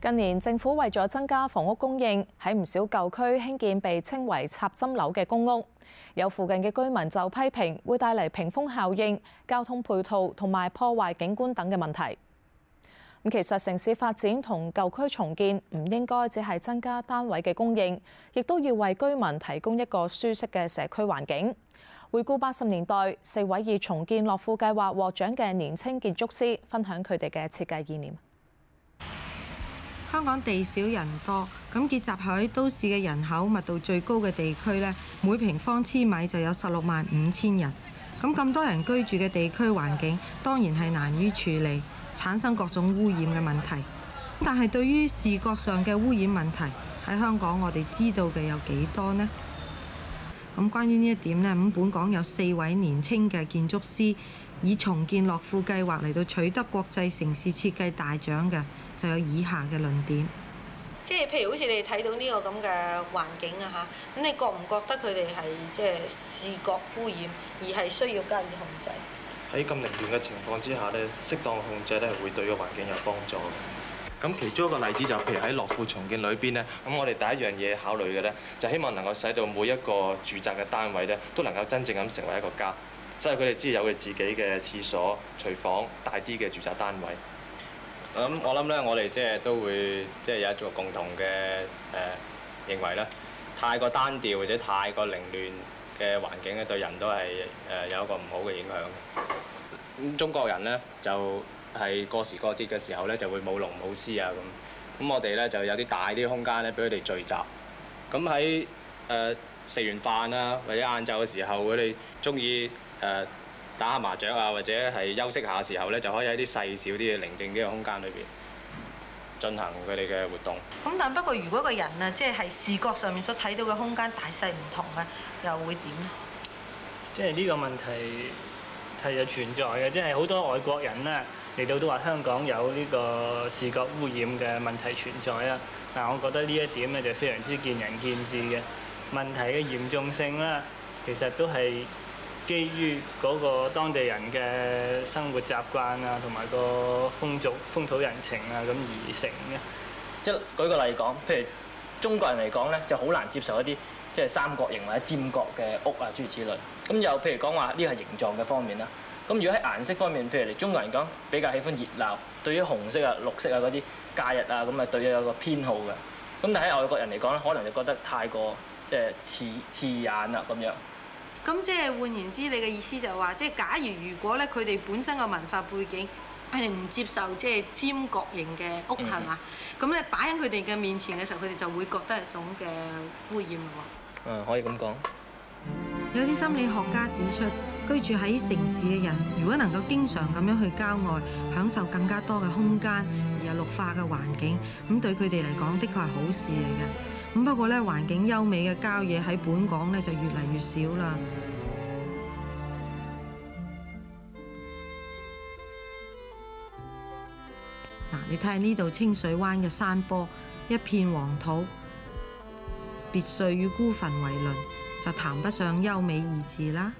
近年政府為咗增加房屋供應，喺唔少舊區興建被稱為插針樓嘅公屋，有附近嘅居民就批評會帶嚟屏風效應、交通配套同埋破壞景觀等嘅問題。咁其實城市發展同舊區重建唔應該只係增加單位嘅供應，亦都要為居民提供一個舒適嘅社區環境。回顧八十年代，四位以重建樂富計劃獲獎嘅年青建築師，分享佢哋嘅設計意念。香港地少人多，咁結集喺都市嘅人口密度最高嘅地區呢，每平方千米就有十六萬五千人。咁咁多人居住嘅地區環境，當然係難於處理，產生各種污染嘅問題。但係對於視覺上嘅污染問題，喺香港我哋知道嘅有幾多呢？咁關於呢一點呢，咁本港有四位年青嘅建築師，以重建樂富計劃嚟到取得國際城市設計大獎嘅。就有以下嘅論點，即係譬如好似你睇到呢個咁嘅環境啊嚇，咁你覺唔覺得佢哋係即係視覺污染，而係需要加以控制？喺咁凌亂嘅情況之下咧，適當控制咧係會對個環境有幫助嘅。咁其中一個例子就係譬如喺樂富重建裏邊咧，咁我哋第一樣嘢考慮嘅咧，就希望能夠使到每一個住宅嘅單位咧，都能夠真正咁成為一個家，所以佢哋只有佢自己嘅廁所、廚房、大啲嘅住宅單位。我諗我諗咧，我哋即係都會即係有一個共同嘅誒認為咧，太過單調或者太過凌亂嘅環境咧，對人都係誒有一個唔好嘅影響。咁中國人咧就係過時過節嘅時候咧，就會舞龍舞獅啊咁。咁我哋咧就有啲大啲空間咧，俾佢哋聚集。咁喺誒食完飯啦，或者晏晝嘅時候，佢哋中意誒。打下麻雀啊，或者係休息下時候咧，就可以喺啲細小啲嘅寧靜啲嘅空間裏邊進行佢哋嘅活動。咁但不過，如果個人啊，即係視覺上面所睇到嘅空間大細唔同啊，又會點咧？即係呢個問題係有存在嘅，即係好多外國人咧嚟到都話香港有呢個視覺污染嘅問題存在啦。嗱，我覺得呢一點咧就非常之見仁見智嘅問題嘅嚴重性啦，其實都係。基於嗰個當地人嘅生活習慣啊，同埋個風俗風土人情啊咁而成嘅。即係舉個例講，譬如中國人嚟講咧，就好難接受一啲即係三角形或者尖角嘅屋啊諸如此類。咁又譬如講話呢個係形狀嘅方面啦。咁如果喺顏色方面，譬如你中國人講比較喜歡熱鬧，對於紅色啊、綠色啊嗰啲假日啊咁啊，對於有個偏好嘅。咁但係喺外國人嚟講咧，可能就覺得太過即係刺刺眼啦、啊、咁樣。咁即係換言之，你嘅意思就係話，即係假如如果咧，佢哋本身嘅文化背景，佢哋唔接受即係尖角形嘅屋，係嘛？咁咧擺喺佢哋嘅面前嘅時候，佢哋就會覺得一種嘅污染喎。嗯，可以咁講。有啲心理學家指出，居住喺城市嘅人，如果能夠經常咁樣去郊外，享受更加多嘅空間，而又綠化嘅環境，咁對佢哋嚟講，的確係好事嚟嘅。不過環境優美嘅郊野喺本港就越嚟越少喇。你睇下呢度清水灣嘅山坡，一片黃土，別墅與孤墳為鄰，就談不上優美二字啦。